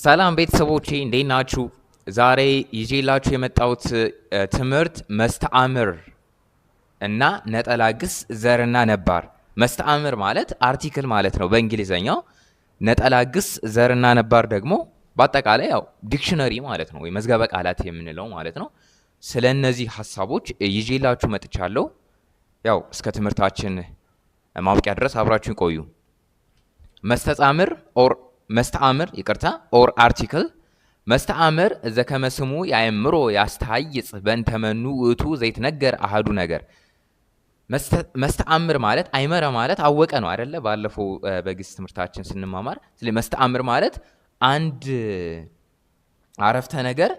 ሰላም ቤተሰቦቼ እንዴት ናችሁ? ዛሬ ይዤላችሁ የመጣሁት ትምህርት መስተአምር እና ነጠላ ግስ ዘርና ነባር። መስተአምር ማለት አርቲክል ማለት ነው በእንግሊዘኛው። ነጠላ ግስ ዘርና ነባር ደግሞ በአጠቃላይ ያው ዲክሽነሪ ማለት ነው ወይ መዝገበ ቃላት የምንለው ማለት ነው። ስለ እነዚህ ሀሳቦች ይዤላችሁ መጥቻለሁ። ያው እስከ ትምህርታችን ማውቂያ ድረስ አብራችሁን ቆዩ። መስተጻምር ኦር መስተአምር ይቅርታ ኦር አርቲክል መስተአምር ዘከመ ስሙ የአእምሮ ያስተሃይፅ በእንተመኑ ውእቱ ዘይትነገር አሃዱ ነገር መስተአምር ማለት አይመረ ማለት አወቀ ነው አይደለ? ባለፈው በግስ ትምህርታችን ስንማማር ስለ መስተአምር ማለት አንድ አረፍተ ነገር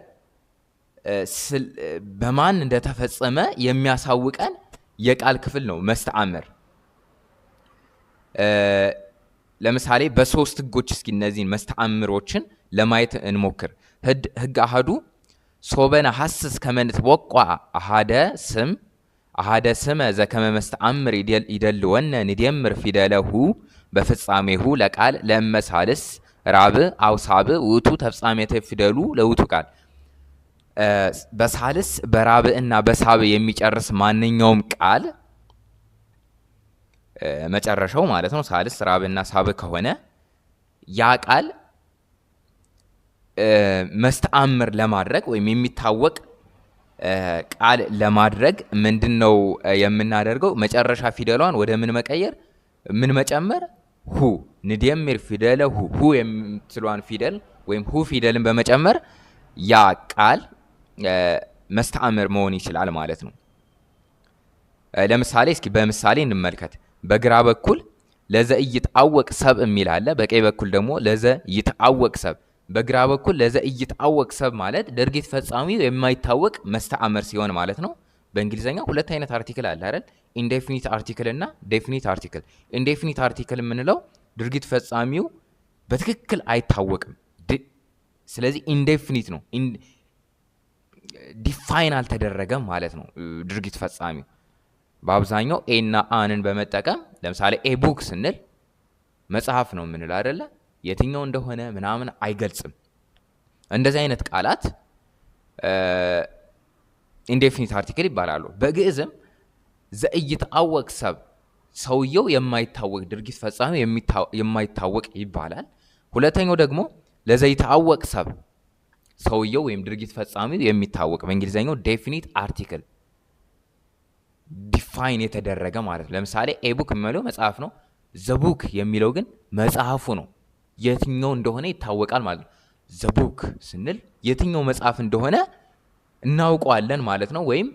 በማን እንደተፈጸመ የሚያሳውቀን የቃል ክፍል ነው። መስተአምር ለምሳሌ በሶስት ህጎች እስኪ እነዚህን መስተአምሮችን ለማየት እንሞክር። ህግ አህዱ ሶበነ ሀስስ ከመንት ወቋ አሃደ ስም አሃደ ስመ ዘከመ መስተአምር ይደል ወነ ንዴምር ፊደለሁ በፍጻሜሁ ለቃል ለመሳልስ ራብ አውሳብ ውቱ ተፍጻሜተ ፊደሉ ለውቱ ቃል በሳልስ በራብ እና በሳብ የሚጨርስ ማንኛውም ቃል መጨረሻው ማለት ነው ሳልስ ራብና ሳብ ከሆነ ያ ቃል መስተአምር ለማድረግ ወይም የሚታወቅ ቃል ለማድረግ ምንድን ነው የምናደርገው? መጨረሻ ፊደሏን ወደ ምን መቀየር ምን መጨመር ሁ ንደምር ፊደለ ሁ ሁ የምትሏን ፊደል ወይም ሁ ፊደልን በመጨመር ያ ቃል መስተአምር መሆን ይችላል ማለት ነው። ለምሳሌ እስኪ በምሳሌ እንመልከት። በግራ በኩል ለዘ እይትአወቅ ሰብ የሚል አለ። በቀኝ በኩል ደግሞ ለዘ ይትአወቅ ሰብ። በግራ በኩል ለዘ እይትአወቅ ሰብ ማለት ድርጊት ፈጻሚ የማይታወቅ መስተአመር ሲሆን ማለት ነው። በእንግሊዝኛ ሁለት አይነት አርቲክል አለ አይደል? ኢንዴፊኒት አርቲክል እና ዴፊኒት አርቲክል። ኢንዴፊኒት አርቲክል የምንለው ድርጊት ፈጻሚው በትክክል አይታወቅም። ስለዚህ ኢንዴፊኒት ነው፣ ዲፋይን አልተደረገም ማለት ነው ድርጊት ፈጻሚው በአብዛኛው ኤና አንን በመጠቀም ለምሳሌ ኤቡክ ስንል መጽሐፍ ነው የምንል አይደለ? የትኛው እንደሆነ ምናምን አይገልጽም። እንደዚህ አይነት ቃላት ኢንዴፊኒት አርቲክል ይባላሉ። በግዕዝም ዘኢይትአወቅ ሰብ ሰውየው የማይታወቅ ድርጊት ፈጻሚ የማይታወቅ ይባላል። ሁለተኛው ደግሞ ለዘይታወቅ ሰብ ሰውየው ወይም ድርጊት ፈጻሚው የሚታወቅ በእንግሊዝኛው ዴፊኒት አርቲክል ዲፋይን የተደረገ ማለት ነው። ለምሳሌ ኤቡክ የሚለው መጽሐፍ ነው። ዘቡክ የሚለው ግን መጽሐፉ ነው። የትኛው እንደሆነ ይታወቃል ማለት ነው። ዘቡክ ስንል የትኛው መጽሐፍ እንደሆነ እናውቀዋለን ማለት ነው፣ ወይም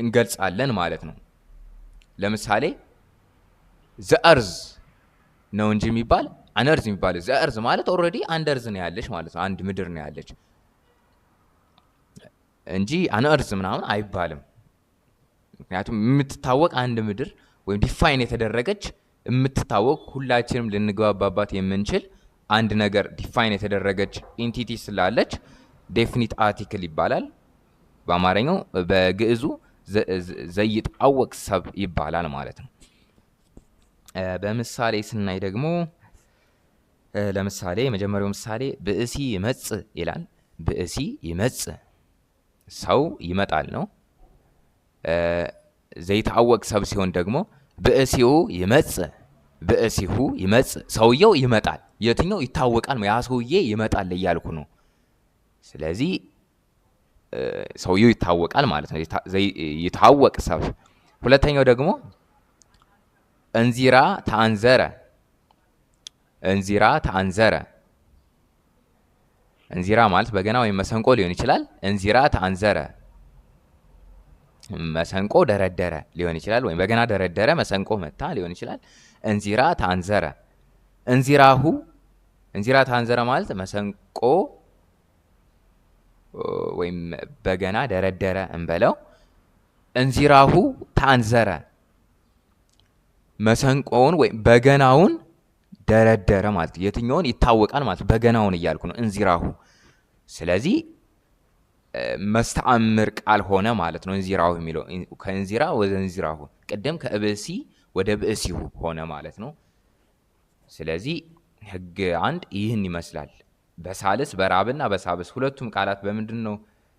እንገልጻለን ማለት ነው። ለምሳሌ ዘአርዝ ነው እንጂ የሚባል አነርዝ የሚባል ዘአርዝ ማለት ኦልሬዲ አንድ እርዝ ነው ያለች ማለት ነው። አንድ ምድር ነው ያለች እንጂ አንእርዝ ምናምን አይባልም። ምክንያቱም የምትታወቅ አንድ ምድር ወይም ዲፋይን የተደረገች የምትታወቅ ሁላችንም ልንግባባባት የምንችል አንድ ነገር ዲፋይን የተደረገች ኢንቲቲ ስላለች ዴፊኒት አርቲክል ይባላል። በአማርኛው በግዕዙ ዘይጣወቅ ሰብ ይባላል ማለት ነው። በምሳሌ ስናይ ደግሞ ለምሳሌ የመጀመሪያው ምሳሌ ብእሲ ይመጽእ ይላል። ብእሲ ይመጽእ ሰው ይመጣል ነው። ዘይታወቅ ሰብ ሲሆን ደግሞ ብእሲሁ ይመጽ ብእሲሁ ይመጽ ሰውየው ይመጣል። የትኛው ይታወቃል? ያ ሰውዬ ይመጣል እያልኩ ነው። ስለዚህ ሰውየው ይታወቃል ማለት ነው። ይታወቅ ሰብ። ሁለተኛው ደግሞ እንዚራ ተአንዘረ እንዚራ ተአንዘረ እንዚራ ማለት በገና ወይም መሰንቆ ሊሆን ይችላል። እንዚራ ተአንዘረ መሰንቆ ደረደረ ሊሆን ይችላል። ወይም በገና ደረደረ፣ መሰንቆ መታ ሊሆን ይችላል። እንዚራ ተአንዘረ እንዚራሁ እንዚራ ተአንዘረ ማለት መሰንቆ ወይም በገና ደረደረ እንበለው። እንዚራሁ ተአንዘረ መሰንቆውን ወይም በገናውን ደረደረ ማለት የትኛውን ይታወቃል ማለት በገናውን እያልኩ ነው። እንዚራሁ ስለዚህ መስተአምር ቃል ሆነ ማለት ነው። እንዚራሁ የሚለው ከእንዚራ ወደ እንዚራሁ ቅድም ከእብሲ ወደ ብእሲሁ ሆነ ማለት ነው። ስለዚህ ህግ አንድ ይህን ይመስላል። በሳልስ በራብና በሳብስ ሁለቱም ቃላት በምንድን ነው?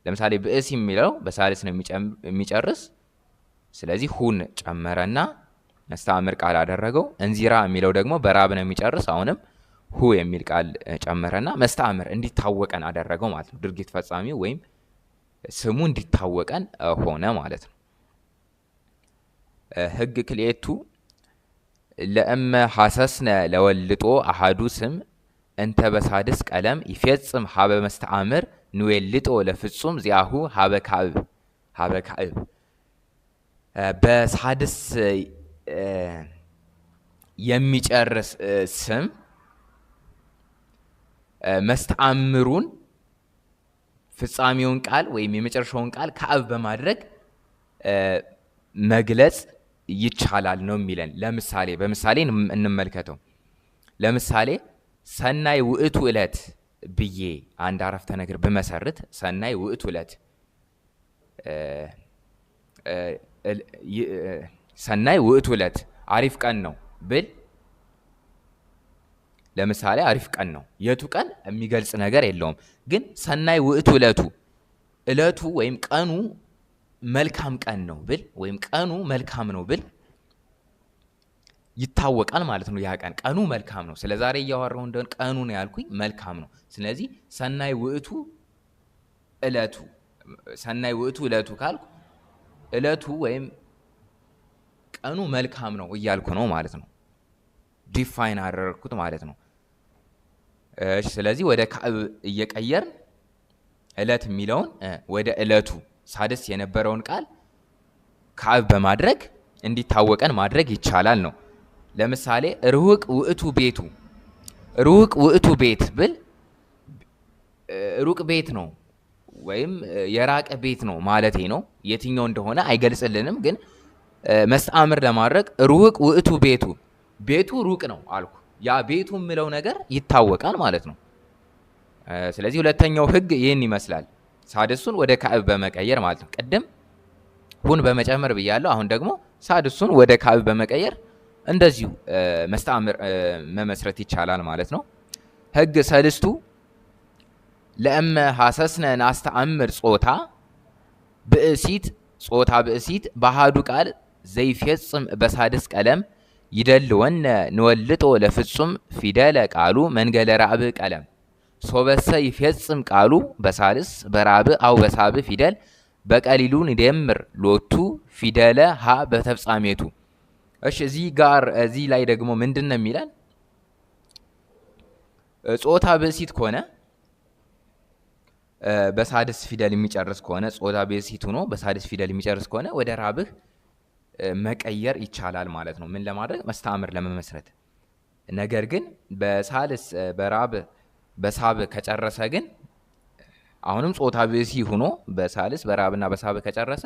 ለምሳሌ ብእሲ የሚለው በሳልስ ነው የሚጨርስ። ስለዚህ ሁን ጨመረና መስተአምር ቃል አደረገው። እንዚራ የሚለው ደግሞ በራብ ነው የሚጨርስ አሁንም ሁ የሚል ቃል ጨመረና መስተአምር እንዲታወቀን አደረገው ማለት ነው። ድርጊት ፈጻሚው ወይም ስሙ እንዲታወቀን ሆነ ማለት ነው። ህግ ክልኤቱ ለእመ ሐሰስነ ለወልጦ አሃዱ ስም እንተ በሳድስ ቀለም ይፌጽም ሀበ መስተአምር ንዌልጦ ለፍጹም ዚያሁ ሀበ ካዕብ ሀበ ካዕብ በሳድስ የሚጨርስ ስም መስተአምሩን ፍጻሜውን ቃል ወይም የመጨረሻውን ቃል ከአብ በማድረግ መግለጽ ይቻላል ነው የሚለን። ለምሳሌ በምሳሌ እንመልከተው። ለምሳሌ ሰናይ ውእቱ ዕለት ብዬ አንድ አረፍተ ነገር ብመሰርት ሰናይ ውእቱ ዕለት ሰናይ ውእቱ ዕለት አሪፍ ቀን ነው ብል ለምሳሌ አሪፍ ቀን ነው። የቱ ቀን የሚገልጽ ነገር የለውም። ግን ሰናይ ውእቱ እለቱ እለቱ ወይም ቀኑ መልካም ቀን ነው ብል ወይም ቀኑ መልካም ነው ብል ይታወቃል ማለት ነው። ያ ቀን ቀኑ መልካም ነው። ስለ ዛሬ እያወራሁ እንደሆነ ቀኑ ነው ያልኩኝ መልካም ነው። ስለዚህ ሰናይ ውእቱ እለቱ ሰናይ ውእቱ እለቱ ካልኩ እለቱ ወይም ቀኑ መልካም ነው እያልኩ ነው ማለት ነው። ዲፋይን አደረግኩት ማለት ነው። እሺ ስለዚህ ወደ ካዕብ እየቀየርን እለት የሚለውን ወደ እለቱ ሳድስ የነበረውን ቃል ካዕብ በማድረግ እንዲታወቀን ማድረግ ይቻላል ነው። ለምሳሌ ርሁቅ ውእቱ ቤቱ፣ ርሁቅ ውእቱ ቤት ብል ሩቅ ቤት ነው ወይም የራቀ ቤት ነው ማለቴ ነው። የትኛው እንደሆነ አይገልጽልንም፣ ግን መስተአምር ለማድረግ ርሁቅ ውእቱ ቤቱ ቤቱ ሩቅ ነው አልኩ። ያ ቤቱ የምለው ነገር ይታወቃል ማለት ነው። ስለዚህ ሁለተኛው ህግ ይህን ይመስላል። ሳድሱን ወደ ካዕብ በመቀየር ማለት ነው። ቅድም ሁን በመጨመር ብያለሁ። አሁን ደግሞ ሳድሱን ወደ ካዕብ በመቀየር እንደዚሁ መስተአምር መመስረት ይቻላል ማለት ነው። ህግ ሰድስቱ ለእመ ሐሰስነ ናስተአምር ጾታ ብእሲት ጾታ ብእሲት ባህዱ ቃል ዘይፌጽም በሳድስ ቀለም ይደልወነ ንወልጦ ለፍጹም ፊደለ ቃሉ መንገለ ራብ ቀለም ሶበሰ ይፈጽም ቃሉ በሳልስ በራብ አው በሳብ ፊደል በቀሊሉ ንደምር ሎቱ ፊደለ ሀ በተፍጻሜቱ። እሺ እዚህ ጋር እዚህ ላይ ደግሞ ምንድን ነው የሚለን? ጾታ ብእሲት ከሆነ በሳድስ ፊደል የሚጨርስ ከሆነ ጾታ ብእሲት ሆኖ በሳድስ ፊደል የሚጨርስ ከሆነ ወደ ራብህ መቀየር ይቻላል ማለት ነው። ምን ለማድረግ መስተአምር ለመመስረት። ነገር ግን በሳልስ በራብ በሳብ ከጨረሰ ግን አሁንም ጾታ ብእሲ ሆኖ በሳልስ በራብና በሳብ ከጨረሰ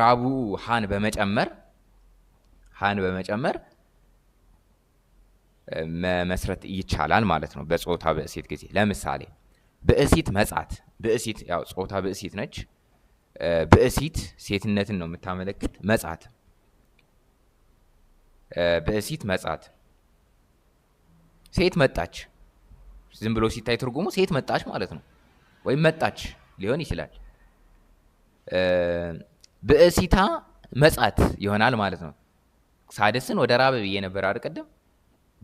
ራቡ ሀን በመጨመር ሀን በመጨመር መመስረት ይቻላል ማለት ነው። በጾታ ብእሲት ጊዜ ለምሳሌ ብእሲት መጻት ብእሲት ያው ጾታ ብእሲት ነች። ብእሲት ሴትነትን ነው የምታመለክት። መጻት ብእሲት መጻት ሴት መጣች። ዝም ብሎ ሲታይ ትርጉሙ ሴት መጣች ማለት ነው፣ ወይም መጣች ሊሆን ይችላል። ብእሲታ መጻት ይሆናል ማለት ነው። ሳደስን ወደ ራበ ብዬ ነበር አርቀደም።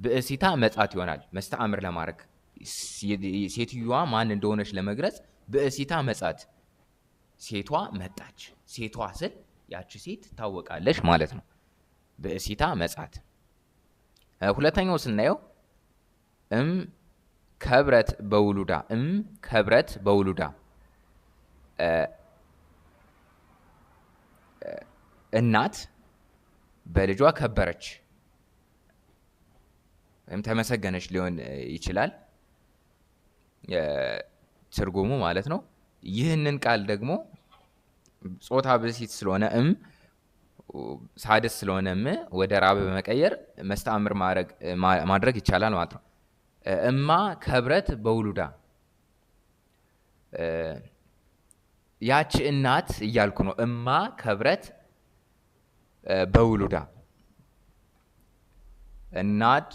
ብእሲታ መጻት ይሆናል መስተአምር ለማድረግ ሴትዮዋ ማን እንደሆነች ለመግለጽ ብእሲታ መጻት ሴቷ መጣች። ሴቷ ስል ያቺ ሴት ታወቃለች ማለት ነው። ብእሲታ መጻት። ሁለተኛው ስናየው እም ከብረት በውሉዳ እም ከብረት በውሉዳ እናት በልጇ ከበረች ወይም ተመሰገነች ሊሆን ይችላል ትርጉሙ ማለት ነው። ይህንን ቃል ደግሞ ጾታ ብሲት ስለሆነ እም ሳድስ ስለሆነ ም ወደ ራብ በመቀየር መስተአምር ማድረግ ይቻላል ማለት ነው። እማ ከብረት በውሉዳ ያቺ እናት እያልኩ ነው። እማ ከብረት በውሉዳ እናት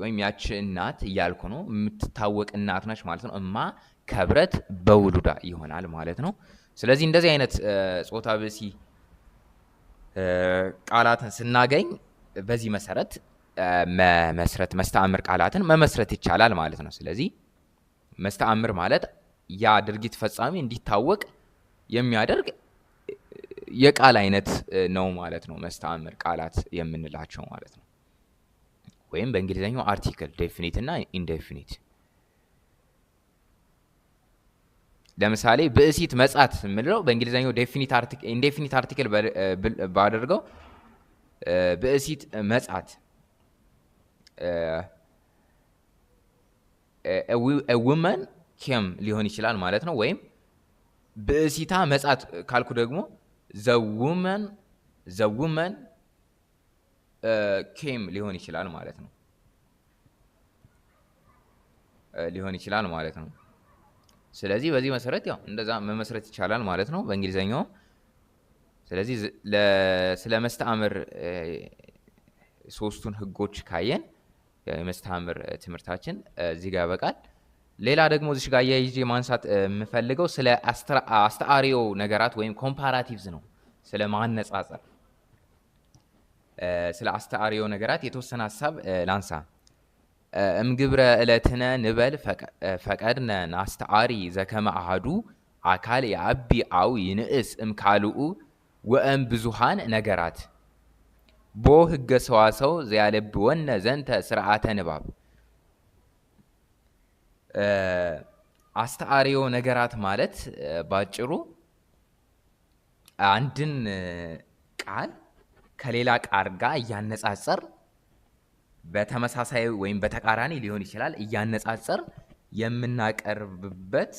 ወይም ያቺ እናት እያልኩ ነው። የምትታወቅ እናት ነች ማለት ነው። እማ ከብረት በውሉዳ ይሆናል ማለት ነው። ስለዚህ እንደዚህ አይነት ጾታ ብእሲ ቃላትን ስናገኝ በዚህ መሰረት መመስረት መስተአምር ቃላትን መመስረት ይቻላል ማለት ነው። ስለዚህ መስተአምር ማለት ያ ድርጊት ፈጻሚ እንዲታወቅ የሚያደርግ የቃል አይነት ነው ማለት ነው። መስተአምር ቃላት የምንላቸው ማለት ነው። ወይም በእንግሊዝኛው አርቲክል ዴፊኒት እና ኢንዴፊኒት ለምሳሌ ብእሲት መጻት የምንለው በእንግሊዝኛው ኢንዴፊኒት አርቲክል ባደርገው ብእሲት መጻት ውመን ኬም ሊሆን ይችላል ማለት ነው። ወይም ብእሲታ መጻት ካልኩ ደግሞ ዘውመን ዘውመን ኬም ሊሆን ይችላል ማለት ነው ሊሆን ይችላል ማለት ነው። ስለዚህ በዚህ መሰረት ያው እንደዛ መመስረት ይቻላል ማለት ነው በእንግሊዘኛው። ስለዚህ ስለ መስተአምር ሶስቱን ህጎች ካየን የመስተአምር ትምህርታችን እዚህ ጋር ያበቃል። ሌላ ደግሞ እዚሽ ጋር አያይዤ ማንሳት የምፈልገው ስለ አስተአሪዮ ነገራት ወይም ኮምፓራቲቭዝ ነው። ስለ ማነጻጸር ስለ አስተአሪዮ ነገራት የተወሰነ ሀሳብ ላንሳ። እምግብረ እለትነ ንበል ፈቀድነ ናስተአሪ ዘከመ አሃዱ አካል የአቢ አው ይንእስ እምካልኡ ወእም ብዙሃን ነገራት ቦ ህገ ሰዋሰው ዘያለብወነ ዘንተ ስርዓተ ንባብ አስተአሪዮ ነገራት ማለት ባጭሩ አንድን ቃል ከሌላ ቃል ጋር እያነጻጸር በተመሳሳይ ወይም በተቃራኒ ሊሆን ይችላል እያነጻጸር የምናቀርብበት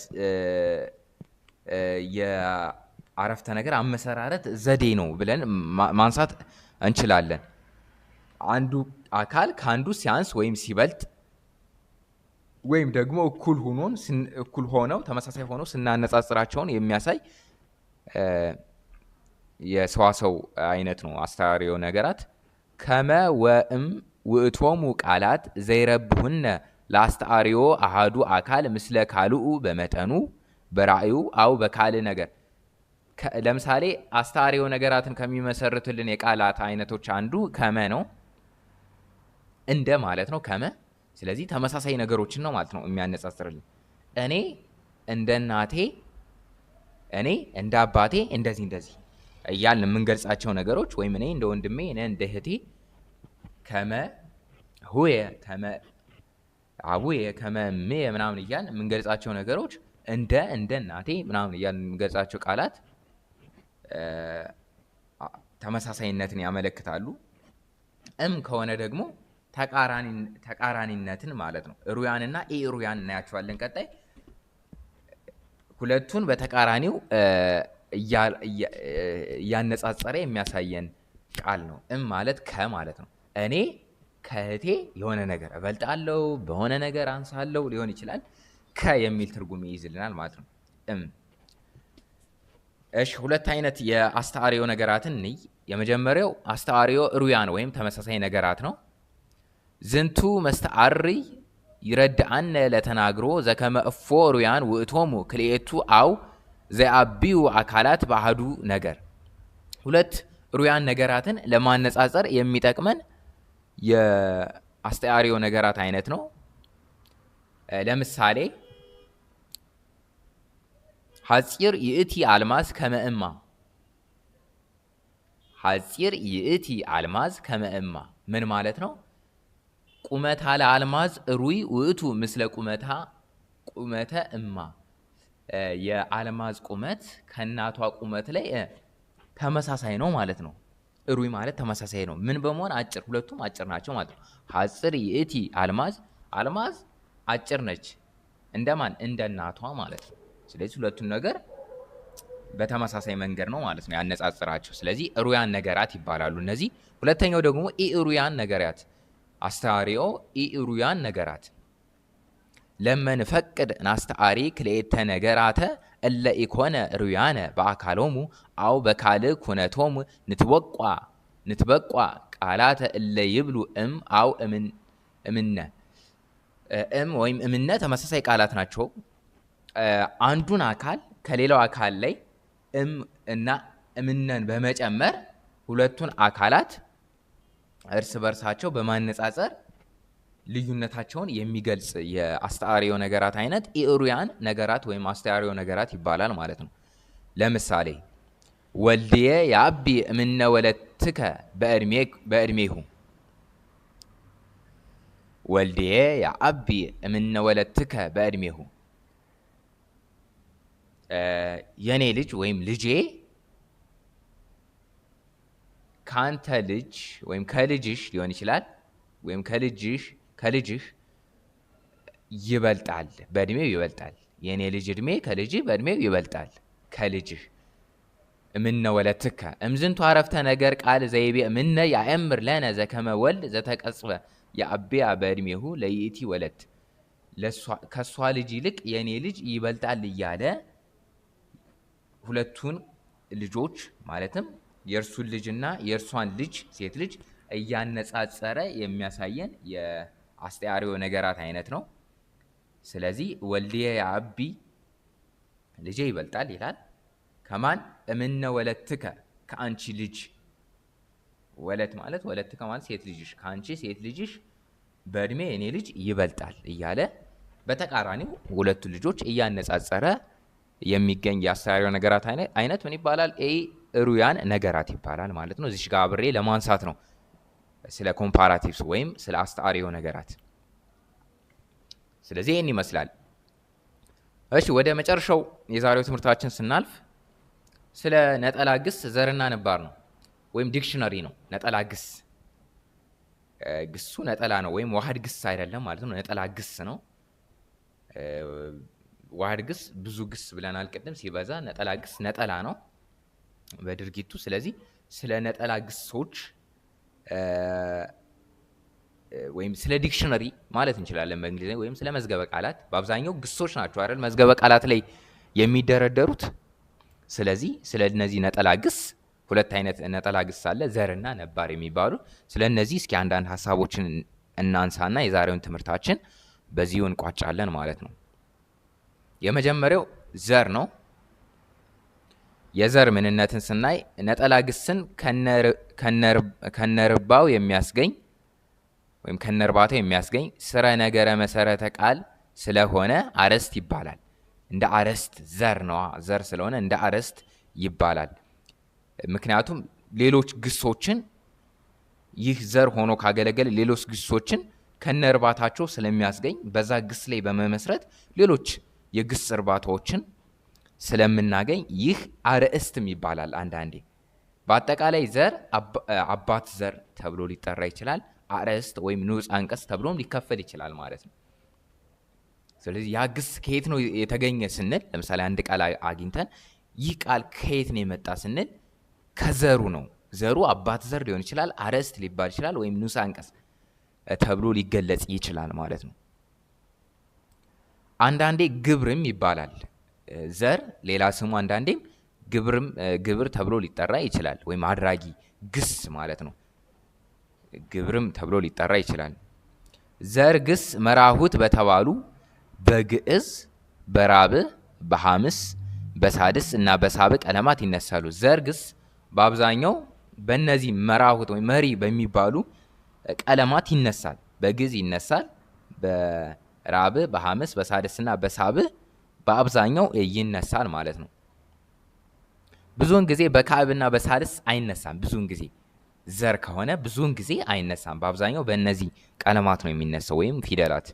የአረፍተ ነገር አመሰራረት ዘዴ ነው ብለን ማንሳት እንችላለን። አንዱ አካል ከአንዱ ሲያንስ ወይም ሲበልጥ ወይም ደግሞ እኩል ሆኖን እኩል ሆነው ተመሳሳይ ሆነው ስናነጻጽራቸውን የሚያሳይ የሰዋሰው አይነት ነው። አስተራሪው ነገራት ከመ ወእም ውእቶሙ ቃላት ዘይረብሁነ ላስተአርዮ አሃዱ አካል ምስለ ካልኡ በመጠኑ በራእዩ አው በካል ነገር ለምሳሌ አስተአርዮ ነገራትን ከሚመሰርትልን የቃላት አይነቶች አንዱ ከመ ነው። እንደ ማለት ነው ከመ። ስለዚህ ተመሳሳይ ነገሮችን ነው ማለት ነው የሚያነጻጽርልን። እኔ እንደ እናቴ፣ እኔ እንደ አባቴ እንደዚህ እንደዚህ እያልን የምንገልጻቸው ነገሮች ወይም እኔ እንደ ወንድሜ፣ እኔ እንደ እህቴ ከመ ሁየ ከመ አቡየ ከመ እምየ ምናምን እያል የምንገልጻቸው ነገሮች እንደ እንደ እናቴ ምናምን እያል የምንገልጻቸው ቃላት ተመሳሳይነትን ያመለክታሉ። እም ከሆነ ደግሞ ተቃራኒነትን ማለት ነው። እሩያንና ኢሩያን እናያቸዋለን ቀጣይ ሁለቱን በተቃራኒው እያነጻጸረ የሚያሳየን ቃል ነው። እም ማለት ከ ማለት ነው። እኔ ከእህቴ የሆነ ነገር እበልጣለው በሆነ ነገር አንሳለሁ ሊሆን ይችላል። ከ የሚል ትርጉም ይይዝልናል ማለት ነው። እሺ ሁለት አይነት የአስተአሪዮ ነገራትን እንይ። የመጀመሪያው አስተአርዮ ሩያን ወይም ተመሳሳይ ነገራት ነው። ዝንቱ መስተአሪ ይረድአነ ለተናግሮ ዘከመ እፎ ሩያን ውእቶሙ ክልኤቱ አው ዘአቢዩ አካላት ባህዱ ነገር። ሁለት ሩያን ነገራትን ለማነጻጸር የሚጠቅመን የአስተያሪው ነገራት አይነት ነው። ለምሳሌ ሐፂር ይእቲ አልማዝ ከመእማ ሐፂር ይእቲ አልማዝ ከመእማ ምን ማለት ነው? ቁመታ ለአልማዝ ሩይ ውእቱ ምስለ ቁመታ ቁመተ እማ የአልማዝ ቁመት ከእናቷ ቁመት ላይ ተመሳሳይ ነው ማለት ነው። ሩይ ማለት ተመሳሳይ ነው። ምን በመሆን አጭር፣ ሁለቱም አጭር ናቸው ማለት ነው። ሀጽር ይእቲ አልማዝ፣ አልማዝ አጭር ነች እንደማን እንደ እናቷ ማለት ነው። ስለዚህ ሁለቱም ነገር በተመሳሳይ መንገድ ነው ማለት ነው ያነጻጽራቸው። ስለዚህ ሩያን ነገራት ይባላሉ እነዚህ። ሁለተኛው ደግሞ ኢሩያን ነገራት አስተአሪኦ ኢሩያን ነገራት ለመን ፈቅድ ናስተአሪ ክልኤተ ነገራተ እለ ኢኮነ ሩያነ በአካሎሙ አው በካልእ ኩነቶሙ ንትበቋ ንትበቋ ቃላተ እለ ይብሉ እም አው እምነ እም ወይም እምነ ተመሳሳይ ቃላት ናቸው። አንዱን አካል ከሌላው አካል ላይ እም እና እምነን በመጨመር ሁለቱን አካላት እርስ በርሳቸው በማነጻጸር ልዩነታቸውን የሚገልጽ የአስተአርዮ ነገራት አይነት ኢእሩያን ነገራት ወይም አስተሪዮ ነገራት ይባላል ማለት ነው። ለምሳሌ ወልድየ የአቢ እምነ ወለትከ በዕድሜሁ ወልድየ የአቢ እምነ ወለትከ በዕድሜሁ የኔ ልጅ ወይም ልጄ ከአንተ ልጅ ወይም ከልጅሽ ሊሆን ይችላል ወይም ከልጅሽ ከልጅህ ይበልጣል፣ በእድሜው ይበልጣል። የእኔ ልጅ እድሜ ከልጅህ በእድሜው ይበልጣል። ከልጅህ እምነ ወለትከ እምዝንቱ አረፍተ ነገር ቃል ዘይቤ እምነ ያእምር ለነ ዘከመ ወልድ ዘተቀጽበ የአቤያ በእድሜሁ ለይእቲ ወለት ከእሷ ልጅ ይልቅ የእኔ ልጅ ይበልጣል እያለ ሁለቱን ልጆች ማለትም የእርሱን ልጅና የእርሷን ልጅ ሴት ልጅ እያነጻጸረ የሚያሳየን አስተያሪዮ ነገራት አይነት ነው። ስለዚህ ወልድየ የአቢ ልጄ ይበልጣል ይላል። ከማን እምነ ወለትከ ከአንቺ ልጅ ወለት ማለት ወለትከ ማለት ሴት ልጅሽ ከአንቺ ሴት ልጅሽ በእድሜ እኔ ልጅ ይበልጣል እያለ በተቃራኒው ሁለቱ ልጆች እያነጻጸረ የሚገኝ የአስተያሪዮ ነገራት አይነት ምን ይባላል? ኤ ሩያን ነገራት ይባላል ማለት ነው። እዚሽ ጋር አብሬ ለማንሳት ነው። ስለ ኮምፓራቲቭስ ወይም ስለ አስተአሪዮ ነገራት። ስለዚህ ይህን ይመስላል። እሺ ወደ መጨረሻው የዛሬው ትምህርታችን ስናልፍ ስለ ነጠላ ግስ ዘርና ነባር ነው ወይም ዲክሽነሪ ነው። ነጠላ ግስ ግሱ ነጠላ ነው ወይም ዋህድ ግስ አይደለም ማለት ነው። ነጠላ ግስ ነው። ዋህድ ግስ ብዙ ግስ ብለናል ቅድም። ሲበዛ ነጠላ ግስ ነጠላ ነው በድርጊቱ። ስለዚህ ስለ ነጠላ ግሶች ወይም ስለ ዲክሽነሪ ማለት እንችላለን በእንግሊዝኛ ወይም ስለ መዝገበ ቃላት በአብዛኛው ግሶች ናቸው አይደል መዝገበ ቃላት ላይ የሚደረደሩት። ስለዚህ ስለ እነዚህ ነጠላ ግስ ሁለት አይነት ነጠላ ግስ አለ፣ ዘርና ነባር የሚባሉ ስለ እነዚህ እስኪ አንዳንድ ሀሳቦችን እናንሳና የዛሬውን ትምህርታችን በዚሁ እንቋጫለን ማለት ነው። የመጀመሪያው ዘር ነው። የዘር ምንነትን ስናይ ነጠላ ግስን ከነርባው የሚያስገኝ ወይም ከነርባታው የሚያስገኝ ስረ ነገረ መሰረተ ቃል ስለሆነ አረስት ይባላል። እንደ አረስት ዘር ነዋ፣ ዘር ስለሆነ እንደ አረስት ይባላል። ምክንያቱም ሌሎች ግሶችን ይህ ዘር ሆኖ ካገለገለ ሌሎች ግሶችን ከነ እርባታቸው ስለሚያስገኝ በዛ ግስ ላይ በመመስረት ሌሎች የግስ እርባታዎችን ስለምናገኝ ይህ አርእስትም ይባላል። አንዳንዴ በአጠቃላይ ዘር አባት ዘር ተብሎ ሊጠራ ይችላል። አርእስት ወይም ንዑስ አንቀጽ ተብሎም ሊከፈል ይችላል ማለት ነው። ስለዚህ ያ ግስ ከየት ነው የተገኘ ስንል ለምሳሌ አንድ ቃል አግኝተን ይህ ቃል ከየት ነው የመጣ ስንል ከዘሩ ነው። ዘሩ አባት ዘር ሊሆን ይችላል፣ አርዕስት ሊባል ይችላል፣ ወይም ንዑስ አንቀጽ ተብሎ ሊገለጽ ይችላል ማለት ነው። አንዳንዴ ግብርም ይባላል። ዘር ሌላ ስሙ አንዳንዴም ግብርም ግብር ተብሎ ሊጠራ ይችላል። ወይም አድራጊ ግስ ማለት ነው። ግብርም ተብሎ ሊጠራ ይችላል። ዘር ግስ መራሁት በተባሉ በግዕዝ በራብዕ በሐምስ በሳድስ እና በሳብዕ ቀለማት ይነሳሉ። ዘር ግስ በአብዛኛው በእነዚህ መራሁት ወይም መሪ በሚባሉ ቀለማት ይነሳል። በግዕዝ ይነሳል፣ በራብዕ በሐምስ እና በሳብዕ በአብዛኛው ይነሳል ማለት ነው። ብዙውን ጊዜ በካዕብና በሳልስ አይነሳም። ብዙውን ጊዜ ዘር ከሆነ ብዙውን ጊዜ አይነሳም። በአብዛኛው በእነዚህ ቀለማት ነው የሚነሳው ወይም ፊደላት።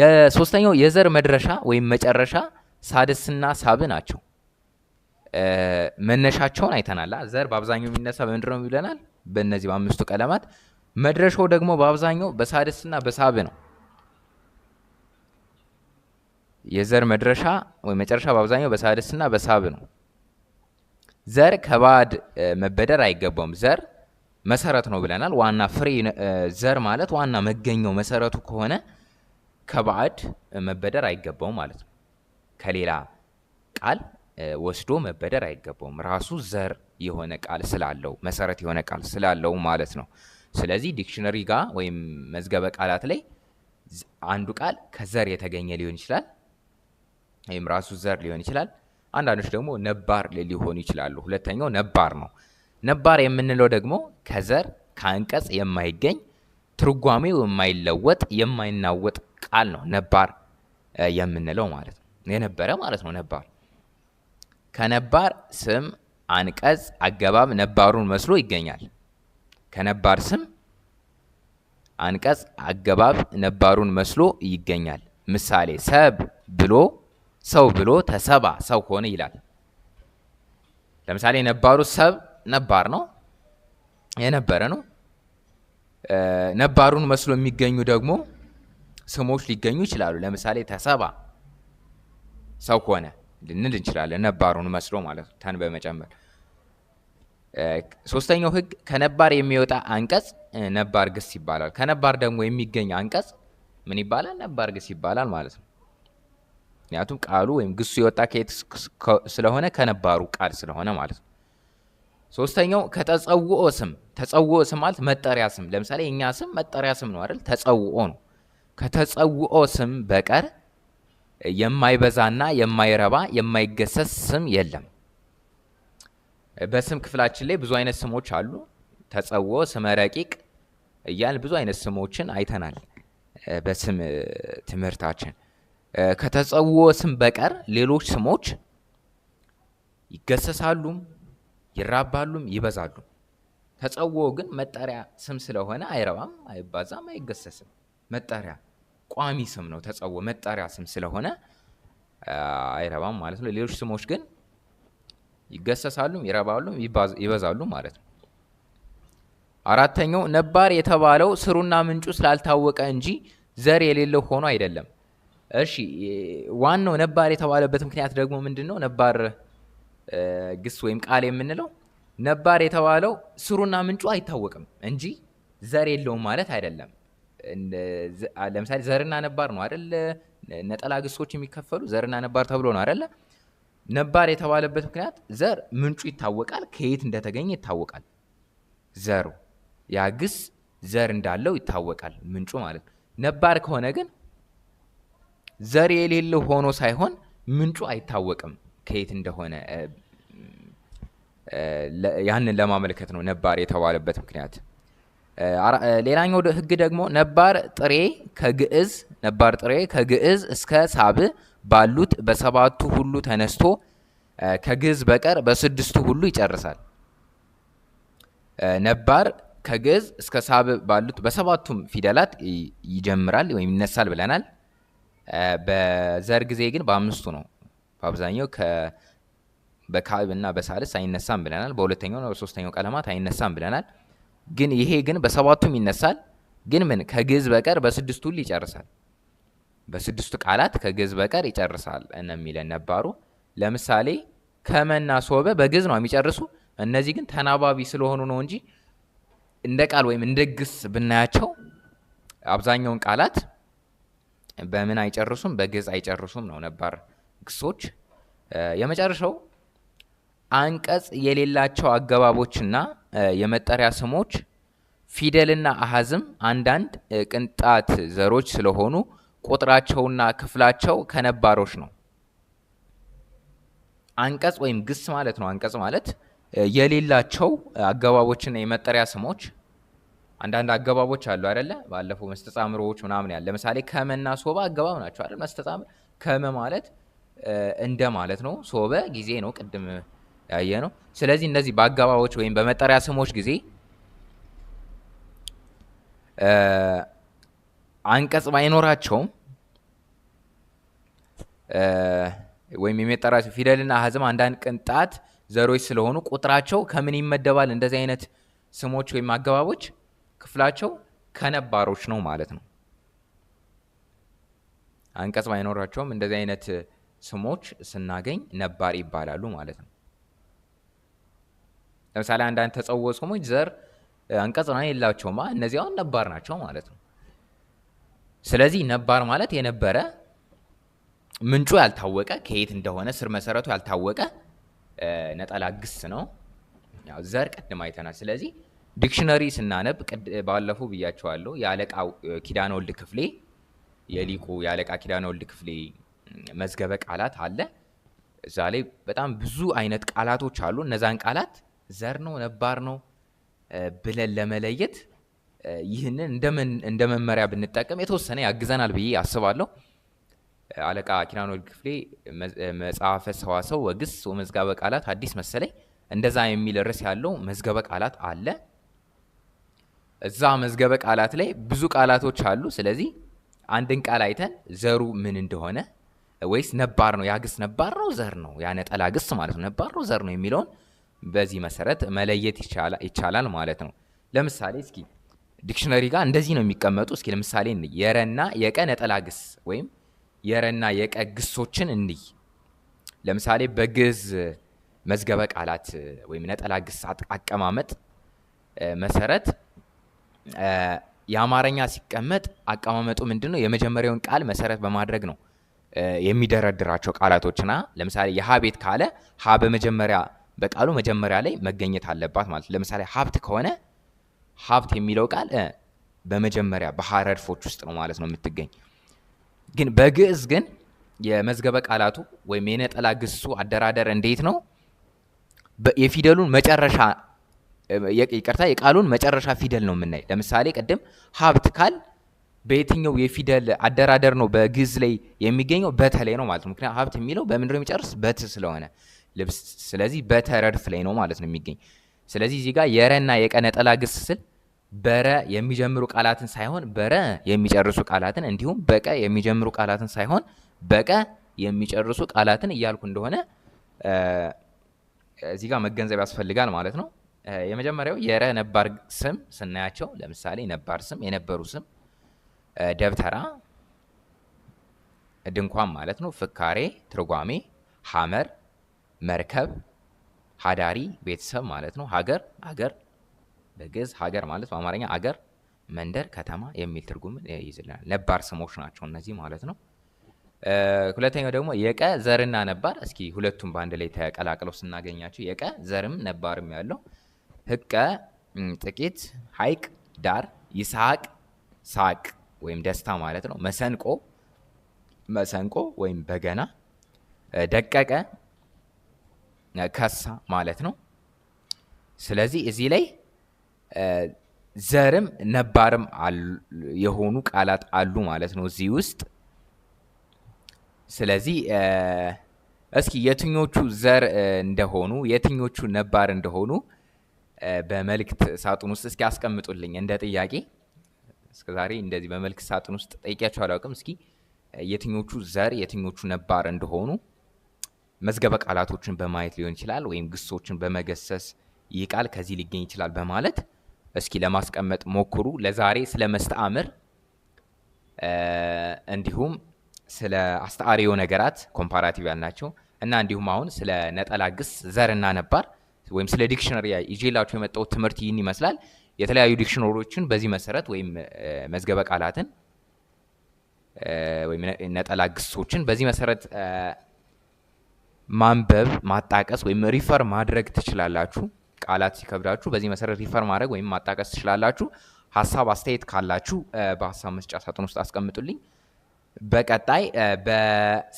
የሶስተኛው የዘር መድረሻ ወይም መጨረሻ ሳድስና ሳብ ናቸው። መነሻቸውን አይተናላ። ዘር በአብዛኛው የሚነሳ በምንድን ነው ይለናል፣ በእነዚህ በአምስቱ ቀለማት። መድረሻው ደግሞ በአብዛኛው በሳድስና በሳብ ነው። የዘር መድረሻ ወይ መጨረሻ በአብዛኛው በሳድስና በሳብ ነው። ዘር ከባዕድ መበደር አይገባውም። ዘር መሰረት ነው ብለናል። ዋና ፍሬ ዘር ማለት ዋና መገኘው መሰረቱ ከሆነ ከባዕድ መበደር አይገባውም ማለት ነው። ከሌላ ቃል ወስዶ መበደር አይገባውም። ራሱ ዘር የሆነ ቃል ስላለው መሰረት የሆነ ቃል ስላለው ማለት ነው። ስለዚህ ዲክሽነሪ ጋር ወይም መዝገበ ቃላት ላይ አንዱ ቃል ከዘር የተገኘ ሊሆን ይችላል። ወይም ራሱ ዘር ሊሆን ይችላል። አንዳንዶች ደግሞ ነባር ሊሆኑ ይችላሉ። ሁለተኛው ነባር ነው። ነባር የምንለው ደግሞ ከዘር ከአንቀጽ የማይገኝ ትርጓሜው የማይለወጥ የማይናወጥ ቃል ነው ነባር የምንለው ማለት ነው። የነበረ ማለት ነው ነባር ከነባር ስም አንቀጽ አገባብ ነባሩን መስሎ ይገኛል። ከነባር ስም አንቀጽ አገባብ ነባሩን መስሎ ይገኛል። ምሳሌ ሰብ ብሎ ሰው ብሎ ተሰባ ሰው ሆነ ይላል። ለምሳሌ ነባሩ ሰብ ነባር ነው የነበረ ነው። ነባሩን መስሎ የሚገኙ ደግሞ ስሞች ሊገኙ ይችላሉ። ለምሳሌ ተሰባ ሰው ሆነ ልንል እንችላለን፣ ነባሩን መስሎ ማለት ነው፣ ተን በመጨመር። ሶስተኛው ህግ ከነባር የሚወጣ አንቀጽ ነባር ግስ ይባላል። ከነባር ደግሞ የሚገኝ አንቀጽ ምን ይባላል? ነባር ግስ ይባላል ማለት ነው። ምክንያቱም ቃሉ ወይም ግሱ የወጣ ከየት ስለሆነ ከነባሩ ቃል ስለሆነ ማለት ነው። ሶስተኛው ከተጸውኦ ስም። ተጸውኦ ስም ማለት መጠሪያ ስም። ለምሳሌ የእኛ ስም መጠሪያ ስም ነው አይደል? ተጸውኦ ነው። ከተጸውኦ ስም በቀር የማይበዛና የማይረባ የማይገሰስ ስም የለም። በስም ክፍላችን ላይ ብዙ አይነት ስሞች አሉ። ተጸውኦ፣ ስመ ረቂቅ እያል ብዙ አይነት ስሞችን አይተናል በስም ትምህርታችን። ከተጸውዖ ስም በቀር ሌሎች ስሞች ይገሰሳሉም ይራባሉም ይበዛሉ። ተጸውዖ ግን መጠሪያ ስም ስለሆነ አይረባም፣ አይባዛም፣ አይገሰስም። መጠሪያ ቋሚ ስም ነው። ተጸውዖ መጠሪያ ስም ስለሆነ አይረባም ማለት ነው። ሌሎች ስሞች ግን ይገሰሳሉም ይረባሉም ይበዛሉ ማለት ነው። አራተኛው ነባር የተባለው ስሩና ምንጩ ስላልታወቀ እንጂ ዘር የሌለው ሆኖ አይደለም። እሺ ዋናው ነባር የተባለበት ምክንያት ደግሞ ምንድን ነው? ነባር ግስ ወይም ቃል የምንለው ነባር የተባለው ስሩና ምንጩ አይታወቅም እንጂ ዘር የለውም ማለት አይደለም። ለምሳሌ ዘርና ነባር ነው አይደለ? ነጠላ ግሶች የሚከፈሉ ዘርና ነባር ተብሎ ነው አይደለ? ነባር የተባለበት ምክንያት ዘር ምንጩ ይታወቃል፣ ከየት እንደተገኘ ይታወቃል። ዘሩ ያ ግስ ዘር እንዳለው ይታወቃል፣ ምንጩ ማለት ነው። ነባር ከሆነ ግን ዘር የሌለው ሆኖ ሳይሆን ምንጩ አይታወቅም ከየት እንደሆነ ያንን ለማመልከት ነው ነባር የተባለበት ምክንያት። ሌላኛው ህግ ደግሞ ነባር ጥሬ ከግዕዝ ነባር ጥሬ ከግዕዝ እስከ ሳብ ባሉት በሰባቱ ሁሉ ተነስቶ ከግዕዝ በቀር በስድስቱ ሁሉ ይጨርሳል። ነባር ከግዕዝ እስከ ሳብ ባሉት በሰባቱም ፊደላት ይጀምራል ወይም ይነሳል ብለናል። በዘር ጊዜ ግን በአምስቱ ነው በአብዛኛው በካብ እና በሳልስ አይነሳም ብለናል። ና በሶስተኛው ቀለማት አይነሳም ብለናል። ግን ይሄ ግን በሰባቱም ይነሳል። ግን ምን ከግዕዝ በቀር በስድስቱ ሁሉ ይጨርሳል። በስድስቱ ቃላት ከግዕዝ በቀር ይጨርሳል እነሚለን ነባሩ። ለምሳሌ ከመና ሶበ በግዕዝ ነው የሚጨርሱ። እነዚህ ግን ተናባቢ ስለሆኑ ነው እንጂ እንደ ቃል ወይም እንደ ግስ ብናያቸው አብዛኛውን ቃላት በምን አይጨርሱም፣ በግዕዝ አይጨርሱም ነው ነባር ግሶች። የመጨረሻው አንቀጽ የሌላቸው አገባቦችና የመጠሪያ ስሞች ፊደልና አሃዝም አንዳንድ ቅንጣት ዘሮች ስለሆኑ ቁጥራቸውና ክፍላቸው ከነባሮች ነው። አንቀጽ ወይም ግስ ማለት ነው። አንቀጽ ማለት የሌላቸው አገባቦችና የመጠሪያ ስሞች አንዳንድ አገባቦች አሉ አይደለ? ባለፉ መስተጻምሮዎች ምናምን ያለ ለምሳሌ ከመና ሶበ አገባብ ናቸው አይደል? መስተጻምር ከመ ማለት እንደ ማለት ነው። ሶበ ጊዜ ነው፣ ቅድም ያየ ነው። ስለዚህ እነዚህ በአገባቦች ወይም በመጠሪያ ስሞች ጊዜ አንቀጽ ባይኖራቸውም ወይም የሚጠራ ፊደልና አህዝም አንዳንድ ቅንጣት ዘሮች ስለሆኑ ቁጥራቸው ከምን ይመደባል? እንደዚህ አይነት ስሞች ወይም አገባቦች ክፍላቸው ከነባሮች ነው ማለት ነው። አንቀጽ ባይኖራቸውም እንደዚህ አይነት ስሞች ስናገኝ ነባር ይባላሉ ማለት ነው። ለምሳሌ አንዳንድ ተጸውዖ ስሞች ዘር አንቀጽ ና የላቸውማ፣ እነዚህ ነባር ናቸው ማለት ነው። ስለዚህ ነባር ማለት የነበረ ምንጩ ያልታወቀ ከየት እንደሆነ ስር መሰረቱ ያልታወቀ ነጠላ ግስ ነው። ያው ዘር ቀድማ አይተናል። ስለዚህ ዲክሽነሪ ስናነብ ባለፈው ብያቸዋለሁ። የአለቃ ኪዳነ ወልድ ክፍሌ የሊቁ የአለቃ ኪዳነ ወልድ ክፍሌ መዝገበ ቃላት አለ። እዛ ላይ በጣም ብዙ አይነት ቃላቶች አሉ። እነዛን ቃላት ዘር ነው ነባር ነው ብለን ለመለየት ይህንን እንደ መመሪያ ብንጠቀም የተወሰነ ያግዘናል ብዬ አስባለሁ። አለቃ ኪዳነ ወልድ ክፍሌ መጽሐፈ ሰዋሰው ወግስ ወመዝገበ ቃላት አዲስ መሰለኝ እንደዛ የሚል ርዕስ ያለው መዝገበ ቃላት አለ። እዛ መዝገበ ቃላት ላይ ብዙ ቃላቶች አሉ። ስለዚህ አንድን ቃል አይተን ዘሩ ምን እንደሆነ ወይስ ነባር ነው፣ ያግስ ግስ ነባር ነው ዘር ነው፣ ያነጠላ ግስ ማለት ነው፣ ነባር ነው ዘር ነው የሚለውን በዚህ መሰረት መለየት ይቻላል ማለት ነው። ለምሳሌ እስኪ ዲክሽነሪ ጋር እንደዚህ ነው የሚቀመጡ። እስኪ ለምሳሌ እንይ የረና የቀ ነጠላ ግስ ወይም የረና የቀ ግሶችን እንይ። ለምሳሌ በግዝ መዝገበ ቃላት ወይም ነጠላ ግስ አቀማመጥ መሰረት የአማርኛ ሲቀመጥ አቀማመጡ ምንድን ነው? የመጀመሪያውን ቃል መሰረት በማድረግ ነው የሚደረድራቸው ቃላቶችና ለምሳሌ የሀ ቤት ካለ ሀ በመጀመሪያ በቃሉ መጀመሪያ ላይ መገኘት አለባት ማለት ነው። ለምሳሌ ሀብት ከሆነ ሀብት የሚለው ቃል በመጀመሪያ በሀ ረድፎች ውስጥ ነው ማለት ነው የምትገኝ። ግን በግዕዝ ግን የመዝገበ ቃላቱ ወይም የነጠላ ግሱ አደራደር እንዴት ነው? የፊደሉን መጨረሻ ይቅርታ የቃሉን መጨረሻ ፊደል ነው የምናይ። ለምሳሌ ቅድም ሀብት ካል በየትኛው የፊደል አደራደር ነው በግዕዝ ላይ የሚገኘው? በተ ላይ ነው ማለት ነው። ምክንያቱ ሀብት የሚለው በምድር የሚጨርስ? በት ስለሆነ ልብስ። ስለዚህ በተ ረድፍ ላይ ነው ማለት ነው የሚገኝ። ስለዚህ እዚህ ጋር የረና የቀነጠላ ግስ ስል በረ የሚጀምሩ ቃላትን ሳይሆን በረ የሚጨርሱ ቃላትን እንዲሁም በቀ የሚጀምሩ ቃላትን ሳይሆን በቀ የሚጨርሱ ቃላትን እያልኩ እንደሆነ እዚህ ጋር መገንዘብ ያስፈልጋል ማለት ነው። የመጀመሪያው የረ ነባር ስም ስናያቸው ለምሳሌ ነባር ስም የነበሩ ስም ደብተራ፣ ድንኳን ማለት ነው፣ ፍካሬ፣ ትርጓሜ፣ ሐመር፣ መርከብ፣ ሀዳሪ ቤተሰብ ማለት ነው፣ ሀገር አገር በግዕዝ ሀገር ማለት በአማርኛ አገር፣ መንደር፣ ከተማ የሚል ትርጉም ይይዝልናል። ነባር ስሞች ናቸው እነዚህ ማለት ነው። ሁለተኛው ደግሞ የቀ ዘርና ነባር፣ እስኪ ሁለቱም በአንድ ላይ ተቀላቅለው ስናገኛቸው የቀ ዘርም ነባርም ያለው ህቀ ጥቂት፣ ሀይቅ ዳር፣ ይስሐቅ ሳቅ ወይም ደስታ ማለት ነው። መሰንቆ መሰንቆ ወይም በገና፣ ደቀቀ ከሳ ማለት ነው። ስለዚህ እዚህ ላይ ዘርም ነባርም የሆኑ ቃላት አሉ ማለት ነው እዚህ ውስጥ። ስለዚህ እስኪ የትኞቹ ዘር እንደሆኑ የትኞቹ ነባር እንደሆኑ በመልእክት ሳጥን ውስጥ እስኪ አስቀምጡልኝ እንደ ጥያቄ። እስከዛሬ እንደዚህ በመልእክት ሳጥን ውስጥ ጠይቂያቸው አላውቅም። እስኪ የትኞቹ ዘር የትኞቹ ነባር እንደሆኑ መዝገበ ቃላቶችን በማየት ሊሆን ይችላል፣ ወይም ግሶችን በመገሰስ ይህ ቃል ከዚህ ሊገኝ ይችላል በማለት እስኪ ለማስቀመጥ ሞክሩ። ለዛሬ ስለ መስተአምር እንዲሁም ስለ አስተአሪዮ ነገራት ኮምፓራቲቭ ያልናቸው እና እንዲሁም አሁን ስለ ነጠላ ግስ ዘርና ነባር ወይም ስለ ዲክሽነሪ ይዤላችሁ የመጣው ትምህርት ይህን ይመስላል። የተለያዩ ዲክሽነሪዎችን በዚህ መሰረት ወይም መዝገበ ቃላትን ወይም ነጠላ ግሶችን በዚህ መሰረት ማንበብ፣ ማጣቀስ ወይም ሪፈር ማድረግ ትችላላችሁ። ቃላት ሲከብዳችሁ በዚህ መሰረት ሪፈር ማድረግ ወይም ማጣቀስ ትችላላችሁ። ሀሳብ አስተያየት ካላችሁ በሀሳብ መስጫ ሳጥን ውስጥ አስቀምጡልኝ። በቀጣይ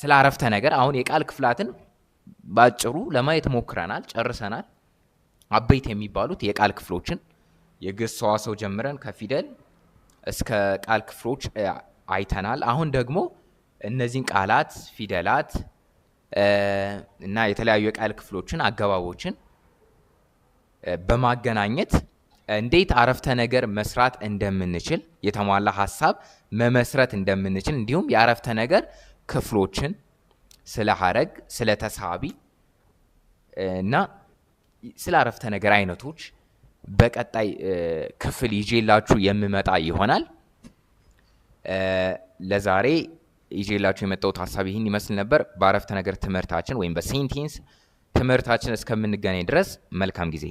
ስለ አረፍተ ነገር አሁን የቃል ክፍላትን ባጭሩ ለማየት ሞክረናል፣ ጨርሰናል። አበይት የሚባሉት የቃል ክፍሎችን የግስ ሰዋሰው ጀምረን ከፊደል እስከ ቃል ክፍሎች አይተናል። አሁን ደግሞ እነዚህን ቃላት፣ ፊደላት እና የተለያዩ የቃል ክፍሎችን አገባቦችን በማገናኘት እንዴት አረፍተ ነገር መስራት እንደምንችል የተሟላ ሀሳብ መመስረት እንደምንችል እንዲሁም የአረፍተ ነገር ክፍሎችን ስለ ሀረግ ስለ ተሳቢ እና ስለ አረፍተ ነገር አይነቶች በቀጣይ ክፍል ይዤላችሁ የምመጣ ይሆናል። ለዛሬ ይዤላችሁ የመጣሁት ሀሳብ ይህን ይመስል ነበር። በአረፍተ ነገር ትምህርታችን ወይም በሴንቴንስ ትምህርታችን እስከምንገናኝ ድረስ መልካም ጊዜ